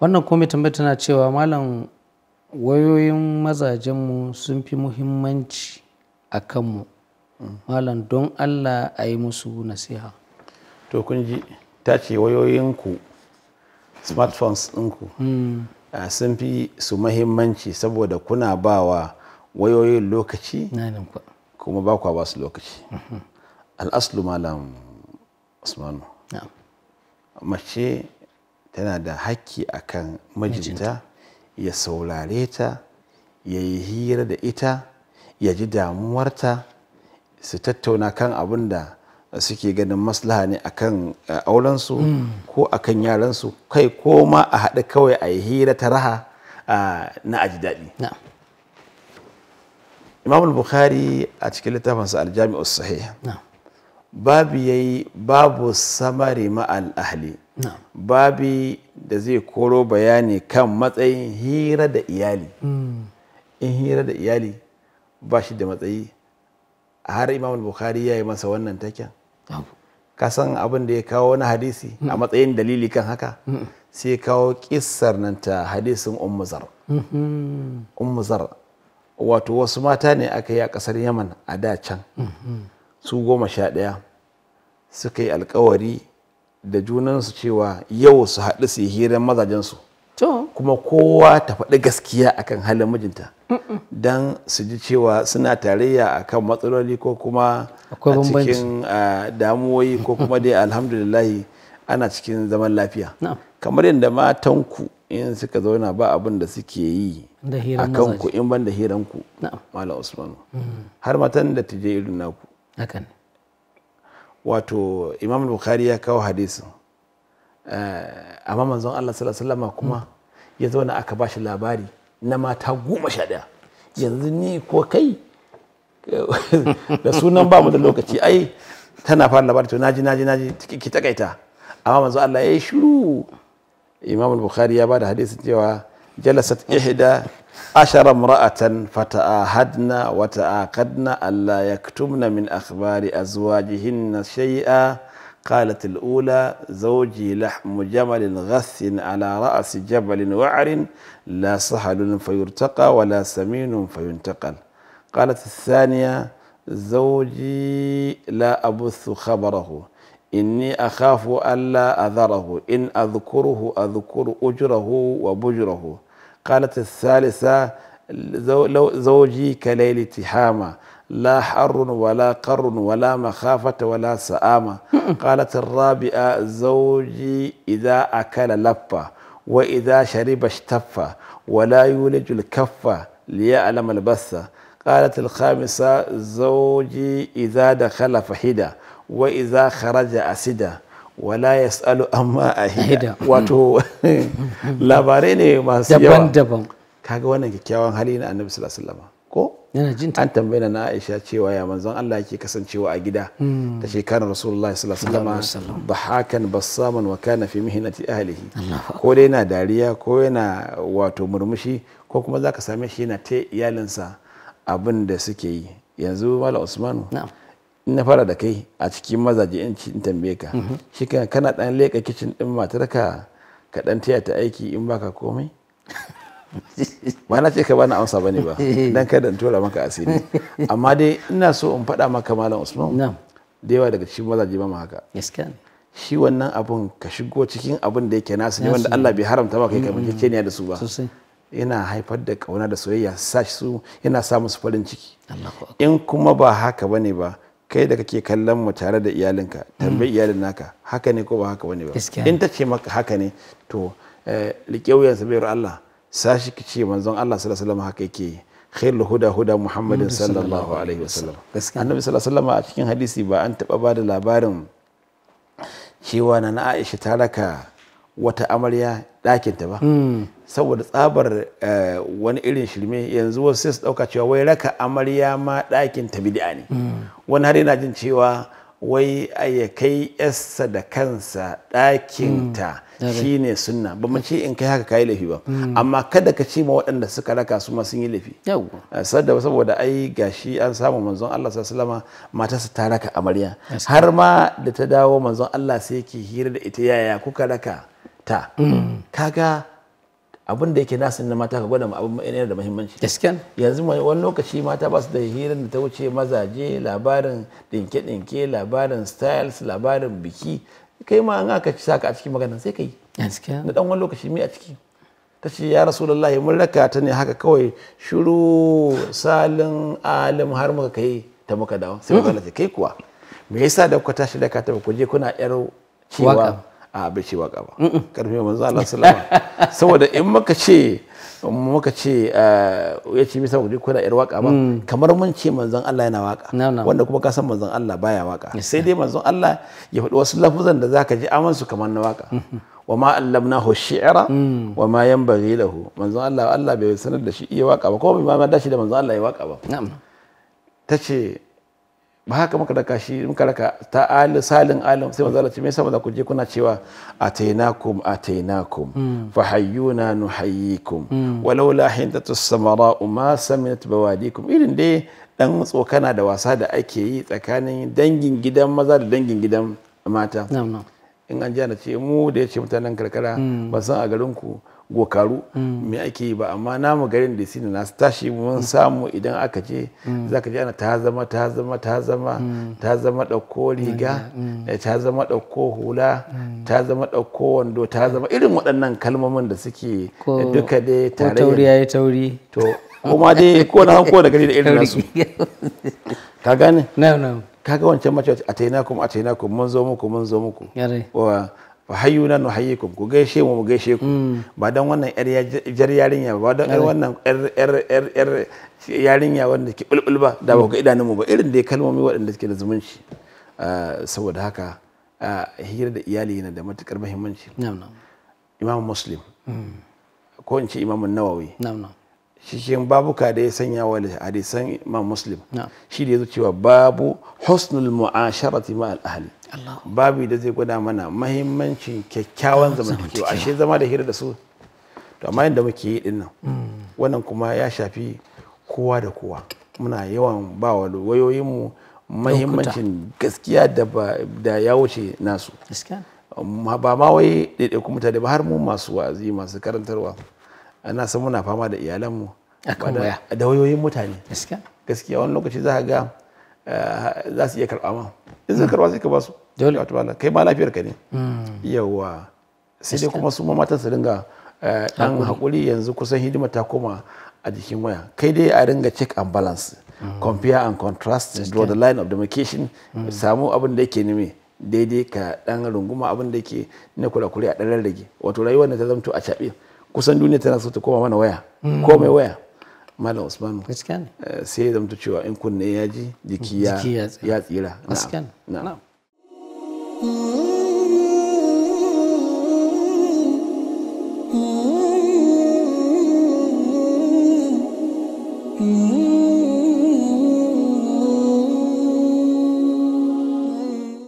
wannan komai tambayar tana cewa malam wayoyin mazajenmu sun fi muhimmanci a kanmu malam don allah a yi musu nasiha to kun ji ta ce wayoyinku smartphones ɗinku hmm. sun fi su muhimmanci saboda kuna ba wa wayoyin lokaci kuma ba kwa ba su lokaci mhm. al'aslu malam usmanu mace tana da hakki akan mijinta ya saurare ta ya yi hira da ita ya ji damuwarta su tattauna kan abin da suke ganin maslaha ne akan eh, aurensu hmm. ko akan yaransu kai ko ma a haɗu kawai a yi hira ta raha na aji daɗi imam bukhari a cikin littafinsa aljami'ar sahih babu yayi babu samari ma'al ahli babi da zai koro bayani kan matsayin hira da iyali hmm. in hira da iyali ba shi da matsayi har imam bukhari ya yi masa wannan taken kasan abin da ya kawo wani hadisi a hmm. matsayin dalili kan haka hmm. sai kawo kissar nan ta hadisin ummuzar ummuzar wato wasu mata ne aka yi a kasar yaman a da can su goma sha ɗaya suka yi alkawari da junansu cewa yau su haɗu su yi hirar mazajensu kuma kowa ta faɗi gaskiya akan halin mijinta don su ji cewa suna tarayya akan matsaloli ko kuma a cikin damuwoyi ko kuma dai alhamdulillahi ana cikin zaman lafiya kamar yadda matanku in suka zauna ba abin da suke yi a kanku in ban da hiranku malam usmanu mm. har matan da tije irin naku wato imam bukhari ya kawo hadisin eh, amma manzon Allah sallallahu kuma ya zauna aka ba shi labari na mata goma sha ɗaya yanzu ni ko kai da sunan ba mu da lokaci ai tana fara labari to naji naji naji ki takaita amma manzo Allah ya yi shiru imam bukhari ya ba da hadisin cewa jalasat ihda عشر امرأة فتآهدنا وتآقدنا ألا يكتمن من أخبار أزواجهن شيئا قالت الأولى زوجي لحم جمل غث على رأس جبل وعر لا سهل فيرتقى ولا سمين فينتقل قالت الثانية زوجي لا أبث خبره إني أخاف ألا أذره إن أذكره أذكر أجره وبجره قالت الثالثة زوجي كليل تحامة لا حر ولا قر ولا مخافة ولا سآمة قالت الرابعة زوجي إذا أكل لبى وإذا شرب اشتفى ولا يولج الكفة ليعلم البثة قالت الخامسة زوجي إذا دخل فحدة وإذا خرج أسدة wala ya tsalu amma a hida mm-hmm. wato labarai ne masu yawa daban-daban kaga wannan kyakkyawan hali na annabi sallallahu ko yana jin an tambaye na Aisha cewa ya manzon Allah yake kasancewa a gida mm. ta shekarar Rasulullahi sallallahu alaihi wasallam bahakan bassaman wa kana fi mihnati ahlihi ko dai yana dariya ko yana wato murmushi ko kuma zaka same shi yana ta iyalinsa abinda suke yi yanzu Malam Usmanu na fara da kai a cikin mazaje in ci in tambaye ka mhm. shi kana dan leka kicin din matar ka dan taya ta aiki in baka komai ba na ce ka bani amsa bane ba dan kada in tura maka asiri amma dai ina so in faɗa maka malam Usman da yawa daga cikin mazaje ba haka shi wannan abun ka shigo cikin abun da yake nasu ne wanda Allah bai haramta ba kai kamar keniya da su ba yana haifar da kauna da soyayya sa su yana sa musu farin ciki in kuma ba haka bane ba kai da kake kallon mu tare da iyalinka tambayi mm. iyalin naka haka ne ko ba haka bane ba in ta ce maka haka ne to liƙe eh, wuyansa bayar Allah sashi ki ce manzon Allah sallallahu alaihi wasallam haka yake yi khairul huda huda muhammadin sallallahu alaihi wasallam annabi sallallahu alaihi wasallam a cikin hadisi ba an taba bada labarin cewa na Aisha ta raka wata amarya ɗakinta ba mm. saboda tsabar eh, wani irin shirme yanzu wasu sai su dauka cewa wai raka amarya ma ɗakin ta ne wani har yana jin cewa wai ya kai yassa da kansa ɗakin ta mm. shine sunna ba mace in kai haka kayi laifi ba mm. amma kada ka ce ma waɗanda suka raka su ma sun yi laifi eh, saboda ai gashi an samu manzon Allah sallallahu alaihi matarsa ta raka amarya har ma da ta dawo manzon Allah sai ke hira da ita yaya kuka raka ta mm. kaga Abinda yake na na mata ka gwada abin yana da muhimmanci gaskiya yanzu wani lokaci mata ba su da hirin da ta wuce mazaje labarin dinke dinke labarin styles labarin biki kai ma an aka ci saka a cikin magana sai kai gaskiya na dan wani lokaci mai a ciki ta ce ya rasulullahi mun raka ta ne haka kawai shiru salin alim har muka kai ta muka dawo sai muka kai kuwa me yasa da kuka tashi da ka ta ku je kuna yar cewa a bai ce waka ba karfe manzo Allah sallama saboda in muka ce muka ce eh, ya ce misa kuji kuna yar waka ba mm. kamar mun ce manzon Allah yana waka wanda kuma ka san manzon Allah baya waka sai dai manzon Allah ya faɗi wasu lafuzan da zaka ji amansu kamar na waka mm-hmm. wa ma allamnahu shi'ra mm. wa ma yanbaghi lahu manzon Allah Allah bai sanar da shi iya waka ba ko bai ma dashi da manzon Allah ya waka ba na'am tace ba haka muka daga shi muka raka ta ali salin alin sai ce me yasa ku je kuna cewa atainakum atainakum mm. fa hayyuna nuhayyikum mm. walaula hindatu samara ma saminat bawadikum irin dai dan tsokana da wasa da ake yi tsakanin dangin gidan maza da dangin gidan mata in an ji ana ce mu da ya ce mutanen karkara mm. ba san a garin ku gokaru mm. me ake yi ba amma namu garin da sinu nasu tashi mun mm. samu idan aka je mm. za ka je ana ta zama ta zama ta zama ta zama ɗauko riga eh, ta zama ɗauko hula ta zama ɗauko wando ta zama irin waɗannan kalmomin da suke duka dai tare ko tauri yayi tauri to kuma dai ko na hanko da gari da irin nasu ka gane na ka kaga wancan mace a taina kuma a taina kuma mun zo muku mun zo muku wa hayyuna nu hayyikum ku gaishe mu mu gaishe ku mm. ba dan wannan yar jar yarinya ba dan yar wannan yar yar yar yarinya wanda ke bulbul ba da ba ga idanun mu ba irin dai kalmomi waɗanda suke da zumunci ah, saboda haka ah, hira da iyali yana da matukar muhimmanci imam muslim mm. ko in ce imam nawawi shi cikin babuka da ya sanya wa hadisan imam muslim shi da ya zo cewa babu husnul mu'asharati ma al ahli babu da zai gwada mana mahimmancin kyakkyawan zamantakewa ashe zama da hira da su to amma yadda muke yi din nan hmm. wannan kuma ya shafi kowa da kowa muna yawan ba wa wayoyinmu mahimmancin gaskiya da ya wuce nasu ba ma wai ɗaiɗaikun mutane ba har mu masu wazi masu karantarwa ana san muna fama da iyalanmu da wayoyin mutane gaskiya wani lokaci za ga eh, za su iya karɓa ma in zai sai ka basu dole wato kai ma lafiyar ka ne hmm. yawa sai dai kuma su ma matan su dinga eh, dan hakuri yanzu kusan hidima ta koma a jikin waya kai dai a ringa check and balance hmm. compare and contrast draw the line of demarcation hmm. samu abin da yake nime daidai ka dan runguma abin da yake na kulakuli a dan rage wato rayuwar ne ta zamto a chabe kusan duniya tana so ta koma mana waya komai waya malam usmanu gaskiya ne eh, sai ya zamta cewa in kunne ya ji jiki ya tsira gaskiya na'am Mm-hmm. mm-hmm. mm-hmm.